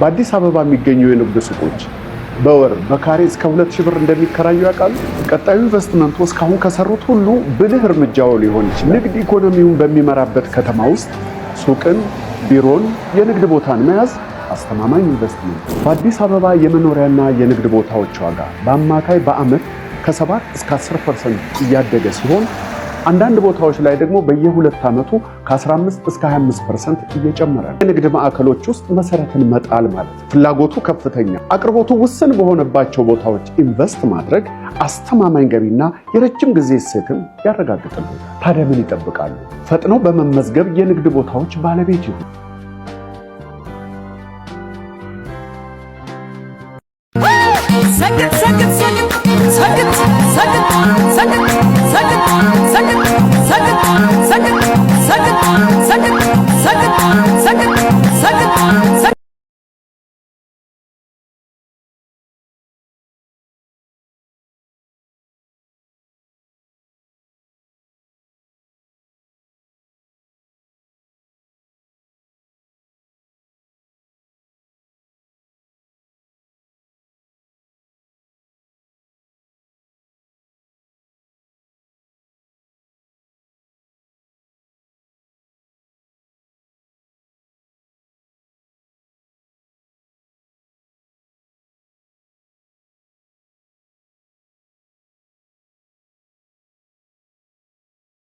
በአዲስ አበባ የሚገኙ የንግድ ሱቆች በወር በካሬ እስከ ሁለት ሺህ ብር እንደሚከራዩ ያውቃሉ። ቀጣዩ ኢንቨስትመንቱ እስካሁን ከሰሩት ሁሉ ብልህ እርምጃው ሊሆን ይችላል። ንግድ ኢኮኖሚውን በሚመራበት ከተማ ውስጥ ሱቅን፣ ቢሮን፣ የንግድ ቦታን መያዝ አስተማማኝ ኢንቨስትመንት። በአዲስ አበባ የመኖሪያና የንግድ ቦታዎች ዋጋ በአማካይ በአመት ከ7 እስከ 10 ፐርሰንት እያደገ ሲሆን አንዳንድ ቦታዎች ላይ ደግሞ በየሁለት ዓመቱ ከ15 እስከ 25 ፐርሰንት እየጨመረ ነው። የንግድ ማዕከሎች ውስጥ መሰረትን መጣል ማለት ፍላጎቱ ከፍተኛ አቅርቦቱ ውስን በሆነባቸው ቦታዎች ኢንቨስት ማድረግ አስተማማኝ ገቢና የረጅም ጊዜ እሴትም ያረጋግጣሉ። ታዲያ ምን ይጠብቃሉ? ፈጥኖ በመመዝገብ የንግድ ቦታዎች ባለቤት ይሁን። ሰግጥ ሰግጥ